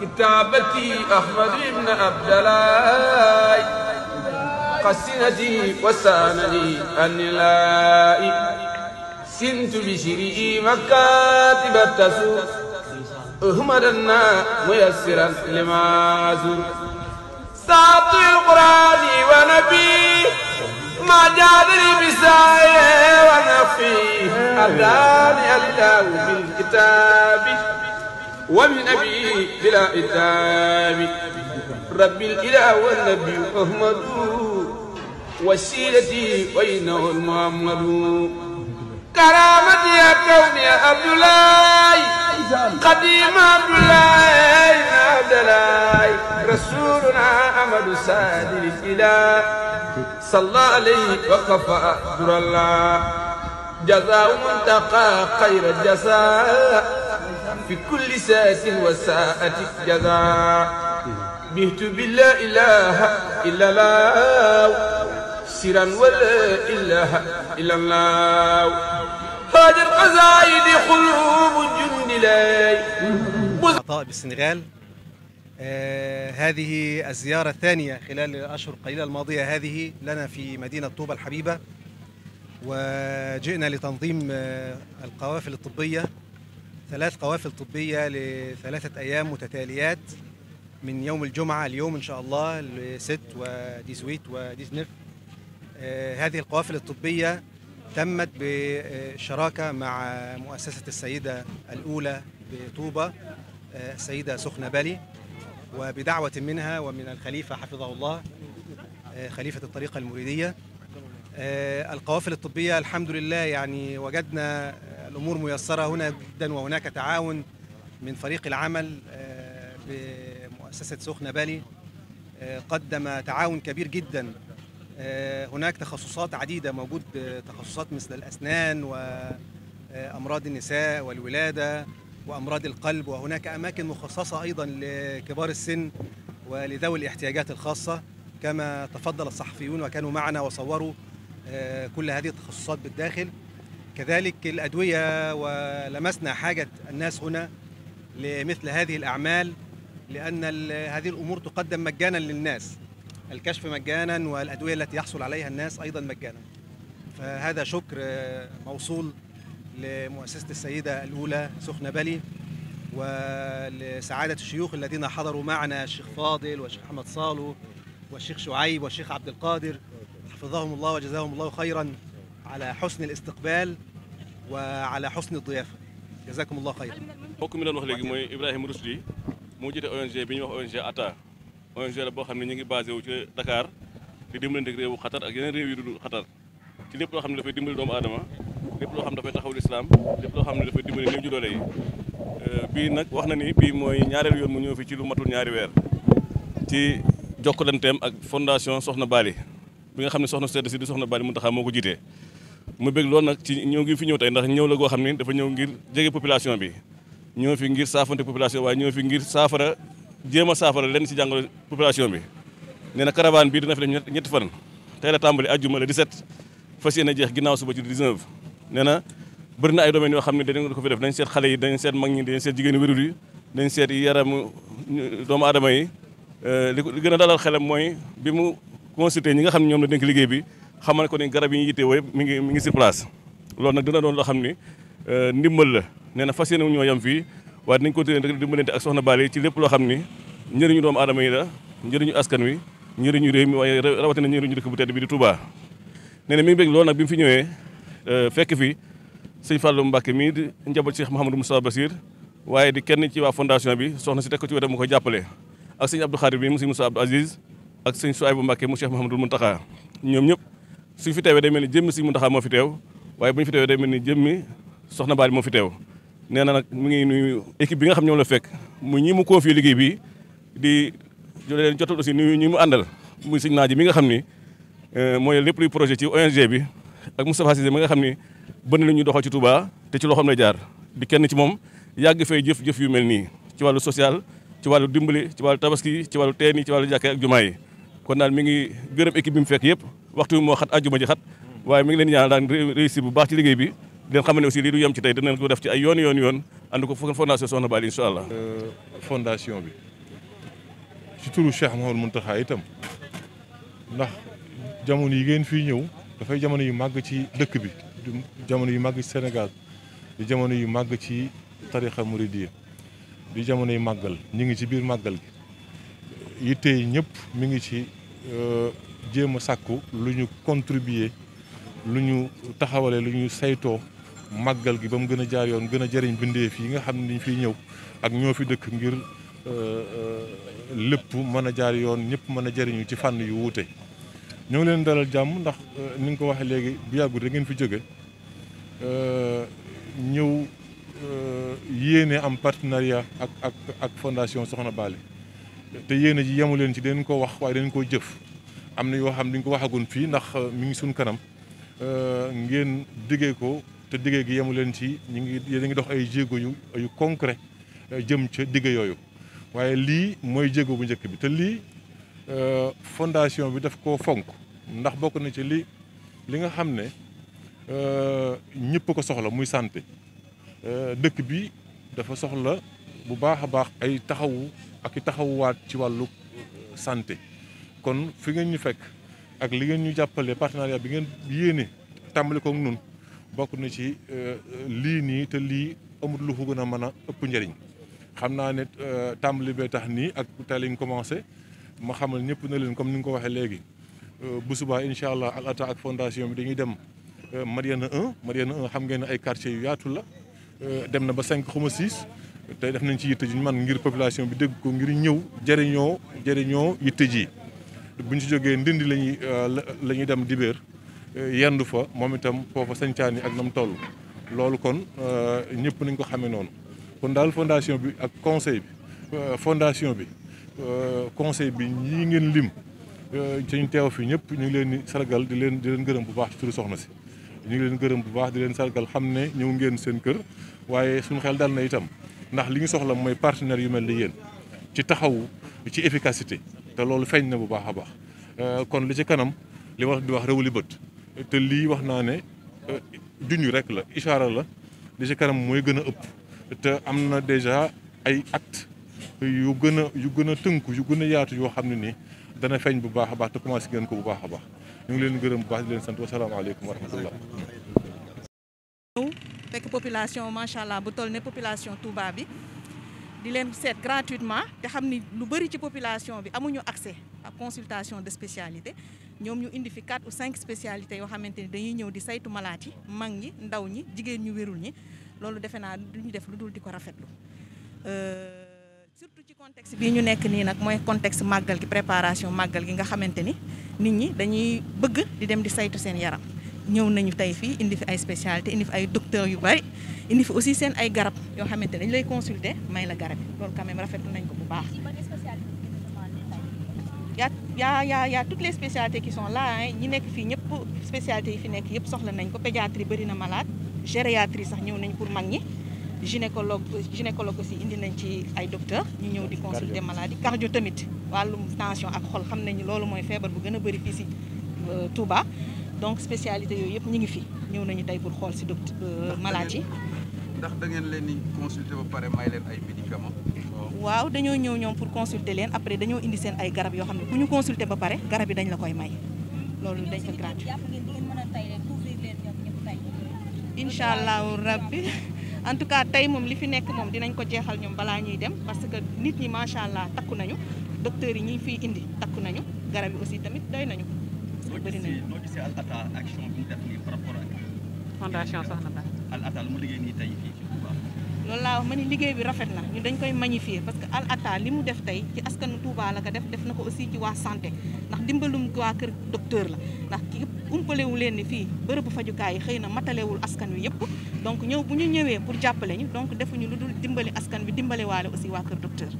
كتابتي أحمد بن أبدلاي قسنتي وسانني النلائي سنت بشرئي مكاتب التسوق أهمدنا ميسرا لما زر ساطع القرآن ونبي ما جادني بسايه ونفي أداني الله بالكتاب ومن أبيه بلا إتاب رب الإله والنبي أحمد وسيلتي وإنه المحمد كرامتي يا كوني يا عبد الله قديم عبد الله عبد الله رسولنا أحمد سعد الإله صلى عليه وكفى در الله جزاء منتقى خير الجزاء fi kulli saasin wa saati jazaa bihtu bi laa ilaaha illallaah siran wa laa ilaaha illallaah haaja al-qasaa'id quluub jundi laay عطاء بالسنغال آه هذه الزيارة الثانية خلال الأشهر القليلة الماضية هذه لنا في مدينة طوبة الحبيبة وجئنا لتنظيم آه القوافل الطبية ثلاث قوافل طبية لثلاثة أيام متتاليات من يوم الجمعة اليوم إن شاء الله لست وديزويت وديزنف هذه القوافل الطبية تمت بشراكة مع مؤسسة السيدة الأولى بطوبة السيدة سخنة بالي وبدعوة منها ومن الخليفة حفظه الله خليفة الطريقة المريدية القوافل الطبية الحمد لله يعني وجدنا الأمور ميسرة هنا جدا وهناك تعاون من فريق العمل بمؤسسة سخنة بالي قدم تعاون كبير جدا هناك تخصصات عديدة موجود تخصصات مثل الأسنان وأمراض النساء والولادة وأمراض القلب وهناك أماكن مخصصة أيضا لكبار السن ولذوي الاحتياجات الخاصة كما تفضل الصحفيون وكانوا معنا وصوروا كل هذه التخصصات بالداخل كذلك الأدوية ولمسنا حاجة الناس هنا لمثل هذه الأعمال لأن هذه الأمور تقدم مجانا للناس الكشف مجانا والأدوية التي يحصل عليها الناس أيضا مجانا فهذا شكر موصول لمؤسسة السيدة الأولى سخنة بالي ولسعادة الشيوخ الذين حضروا معنا الشيخ فاضل والشيخ أحمد صالو والشيخ شعيب والشيخ عبد القادر حفظهم الله وجزاهم الله خيرا على حسن الاستقبال وعلى حسن الضيافه جزاكم الله خير mbokk mi doon wax léegi mooy Ibrahima Rousli moo jiite ONG bi ñuy wax ONG ATA ONG la boo xam ne ñu ngi basé wu ci Dakar di dimbalante réewu Xatar ak yeneen réew yu dul Xatar ci lépp loo xam ne dafay dimbali doomu aadama lépp loo xam ne dafay xam ne dafay dimbali néew ju doole yi euh, nag wax na ni bii mooy ñaareelu yoon mu ñëw fi ci lu matul ñaari weer ci jokkalanteem ak fondation Soxna Bali bi nga xam ne soxna sedd si di Soxna Bali Muntaxa moo ko jiitee mu bëgg loolu nag ci ñëw ngi fi ñëw tey ndax ñëw la goo xam ne dafa ñëw ngir jege population bi ñëw fi ngir saafante population waaye ñëw fi ngir saafara jéem a saafara lenn si jàngoro population bi nee na caravane bii dina fi def ñetti fan tey la tàmbali àjjuma le 17 fas yéene jeex ginnaaw suba ci 19 nee na bëri na ay domaines yoo xam ne dañu ko fi def dañ seet xale yi dañ seet mag ñi dañ seet jigéen wérul yi dañ seet yaram doomu aadama yi euh, li gën a dalal xelam mooy bi mu consulté ñi nga xam ne ñoom la dénk liggéey bi xamal ko ni garab yi ñu yittewoo yëpp mi ngi mi ngi si place loolu nag dina doon loo xam ni euh, ndimbal la nee na fas yéene ñoo yem fii waaye dinañ continuer rek dimbalante ak soxna Bally ci lépp loo xam ni njëriñu doomu aadama yi la njëriñu askan wi njëriñu réew mi waaye rawatina njëriñu dëkk bu tedd bi di Touba nee na mi ngi bég loolu nag bi mu fi ñëwee euh, fekk fi sëñ Fallou Mbacke mii di njaboot Cheikh Mouhamadou Moustapha Bassir waaye di kenn ci waa fondation bi soxna si teg ci wetam mu koy jàppale ak sëñ Abdou Khadir bi mu sëñ Moussa Abdou Aziz ak sëñ Souaïbou Mbacke mu Cheikh Mouhamadou Mountakha ñoom ñëpp suñ fi teewee day mel ni jëmmi Sëriñ Muntaxa moo fi teew waaye bu ñu fi teewee day jëmmi soxna Bali moo fi teew nee na nag mu ngi nuyu équipe bi nga xam ñoom la fekk mu ñii mu koo fi liggéey bi di leen jotal aussi nuyu ñi mu àndal muy sëñ naaj mi nga xam ni euh, mooy lépp luy projet ci ONG bi ak Moustapha Cissé mi nga xam ni bënn lu ñu doxal ci tubaa te ci loxoom lay jaar di kenn ci moom yàgg fee jëf-jëf yu mel nii ci wàllu social ci wàllu dimbali ci wàllu tabaski ci wàllu teen ci wàllu jàkkee ak jumaa yi kon daal mi ngi gërëm équipe bi mu fekk yëpp waxtu bi moo xat ajjuma ji xat waaye mi ngi leen ñaanal daan réussir bu baax ci liggéey bi leen xam ne aussi lii du yem ci tey dinañ ko def ci ay yoon yoon yoon ànd ko fondation Soxna Bally incha allah. Euh, fondation bi ci turu Cheikh Mouhamadou Mountakha itam ndax jamono yi ngeen fii ñëw dafay jamono yu màgg ci dëkk bi jamono yu màgg ci Sénégal di jamono yu màgg ci tarixa muridiyya di jamono yu màggal ñu ngi ci biir màggal gi yitte ñëpp mu ngi ci. jéem a sàkku lu ñu contribuer lu ñu taxawalee lu ñu saytoo maggal gi ba mu gën a jaar yoon gën a jëriñ bindeef yi nga xam ne dañ fi ñëw ak ñoo fi dëkk ngir euh, euh, lépp mën a jaar yoon ñëpp mën a jariñu ci fànn yu wute ñoo ngi leen dalal jàmm ndax euh, ni nga ko waxee léegi bu yàggut da ngeen fi jóge ñëw yéene am partenariat ak ak ak fondation Soxna Bally te yéen ji yemu leen ci dinañ ko wax waaye dinañ koo jëf am na yoo xam ne dañ ko waxagum fii ndax euh, mu ngi suñ kanam euh, ngeen diggee ko te diggee gi yemu leen ci ñu ngi yéen ngi dox ay jéego yu yu concret euh, jëm ca diggee yooyu waaye lii mooy jéego bu njëkk bi te lii fondation bi daf koo fonk ndax bokk na ci lii li nga xam ne ñëpp ko soxla muy santé dëkk bi dafa soxla bu baax a baax ay taxawu. ak i taxawuwaat ci wàllu euh, santé kon fi ngeen ñu fekk ak li ngeen ñu jàppale partenariat bi ngeen yéene tàmbali koog nun bokk na ci euh, euh, lii nii te lii amul lu ko gën a mën a ëpp njariñ xam naa ne tàmbali bee tax nii ak tey lañ commencé ma xamal ñëpp na leen comme ni nga ko waxee léegi bu subaa incha allah al ata ak fondation bi dañuy dem Mariana 1 Mariana 1 xam ngeen ne ay quartiers yu yaatu la dem na ba cinq xuma 6 tey def nañ ci yitte ji man ngir population bi dégg ko ngir ñëw jëriñoo jëriñoo yitte ji bu ñu ci jógee ndindi lañuy euh, la ñuy dem dibéer euh, yendu fa moom itam foofa sañcaan yi ak nam toll loolu kon euh, ñëpp nañ ko xamee noonu kon daal fondation bi ak conseil bi fondation bi conseil bi ñii ngeen lim suñ teew fi ñëpp ñu ngi leen di sargal di leen di leen gërëm bu baax ci turu soxna si ñu leen gërëm bu baax di leen sargal xam ne ñëw ngeen seen kër waaye suñu xel dal na itam ndax li ñu soxla mooy partenaires yu mel ni yéen ci taxawu ci efficacité te loolu feeñ na bu baax a baax euh, kon li ci kanam li wax di wax réewu li bët te lii wax naa ne euh, junj rek la ishaara la li ci kanam mooy gën a ëpp te am na déjà ay acte yu gën a yu gën a tënku yu gën a yaatu yoo xam ne nii dana feeñ bu baax a baax te commencé ngeen ko bu baax a baax ñu ngi leen gërëm bu baax di leen sant wasalaamaaleykum wa rahmatullah population macha allah bu toll ne population Touba bi di leen seet gratuitement te xam ni lu bëri ci population bi amuñu accès ak consultation de spécialité ñoom ñu indi fi quatre ou cinq spécialités yoo xamante ni dañuy ñëw di saytu malaat yi mag ñi ndaw ñi jigéen ñu wérul ñi loolu defe naa lu ñu def lu dul di ko rafetlu euh, surtout ci contexte bii ñu nekk nii nag mooy contexte màggal gi préparation màggal gi nga xamante ni nit ñi dañuy bëgg di dem di saytu seen yaram ñëw nañu tey fii indi fi ay spécialité indi fi ay docteur yu bari indi fi aussi seen ay garab yoo xamante dañ lay consulter may la garab yi loolu quand même rafetlu nañ ko bu baax. y' a y' a y' a y' a toutes les spécialités qui sont là ñi nekk fii ñëpp spécialités yi fi nekk yëpp soxla nañ ko pédiatrie bëri na malade gériatrie sax ñëw nañ pour mag ñi. gynécologue gynécologue aussi indi nañ ci ay docteur ñu ñëw di consulter maladie cardio tamit wàllum tension ak xol xam nañu loolu mooy feebar bu gën a bëri fii si euh, donc spécialité yooyu yëpp ñu ngi fi ñëw nañu tey pour xool si docteur malade yi. ndax da ngeen leen di consulter ba pare may leen ay médicaments. waaw dañoo ñëw ñoom pour consulter leen après dañoo indi seen ay garab yoo xam ne bu ñu consulter ba pare garab yi dañ la koy may loolu dañ ko gratuit. incha allahu rabbi en tout cas tey moom li fi nekk moom dinañ ko jeexal ñoom balaa ñuy dem parce que nit ñi macha allah takku nañu docteurs yi ñuy fiy indi takku nañu garab yi aussi tamit doy nañu. bëri nañu noo gisee Al Ataa loolu laa wax ma liggéey bi rafet na ñu dañ koy magnifier parce que Al Ataa li mu def tey ci askanu Touba la ko def def na ko aussi ci waa santé ndax dimbalum waa kër docteur la ndax ki umpalewu leen ni fii bërëbu fajukaay yi xëy na matalewul askan wi yëpp donc ñëw bu ñu ñëwee pour jàppale ñu donc defuñu lu dul dimbali askan bi dimbale waale aussi waa kër docteur